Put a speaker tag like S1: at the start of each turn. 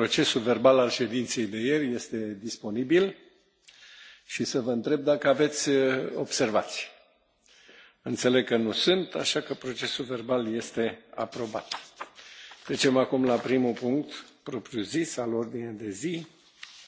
S1: procesul verbal al ședinței de ieri este disponibil și să vă întreb dacă aveți uh, observații. Înțeleg că nu sunt, așa că procesul verbal este aprobat. Trecem acum la primul punct propriu-zis
S2: al ordinii de zi